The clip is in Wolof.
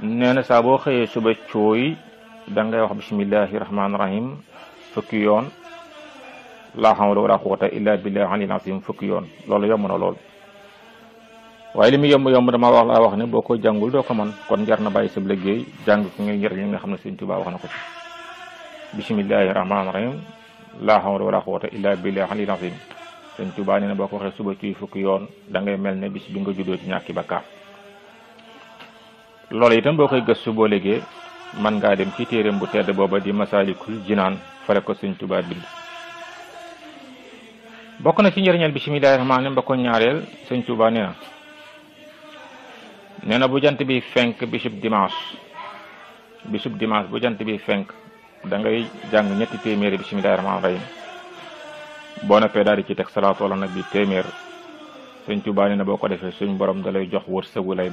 neena sa bo xeye suba cioy da ngay wax bismillahir rahmanir rahim fukki yon la hawla wala quwwata illa billahi aliyil azim fukki yon lolou yom na lool waaye limi yom yom dama wax la wax ne boko jangul do ko man kon jar na bàyyi sa liggéey ko ngay njëriñ li nga xam seigne touba wax na ci rahim la hawla wala quwwata illa billahi aliyil azim Sëriñ Tuubaa nee na boko xeye suba cioy fukki yon da ngay melne bis bi nga juddo ci lolé itam boo koy gëstu boo léegi man nga dem ci téeréem bu tédd boba di masalikul jinan fale ko señ tuba bind bokk na ci njëriñal bi rahmaani rahiim ba ko ñaareel sëñ Tuubaa nee na na bu jant bi fenk bisub dimanche bisub dimanche bu jant bi fenk da ngay jang ñetti bi bismillaahi rahmaani rahiim bo na daal daari ci tek salatu wala nak bi sëñ señ tuba na boko défé defee borom dalay jox wërsëgu lay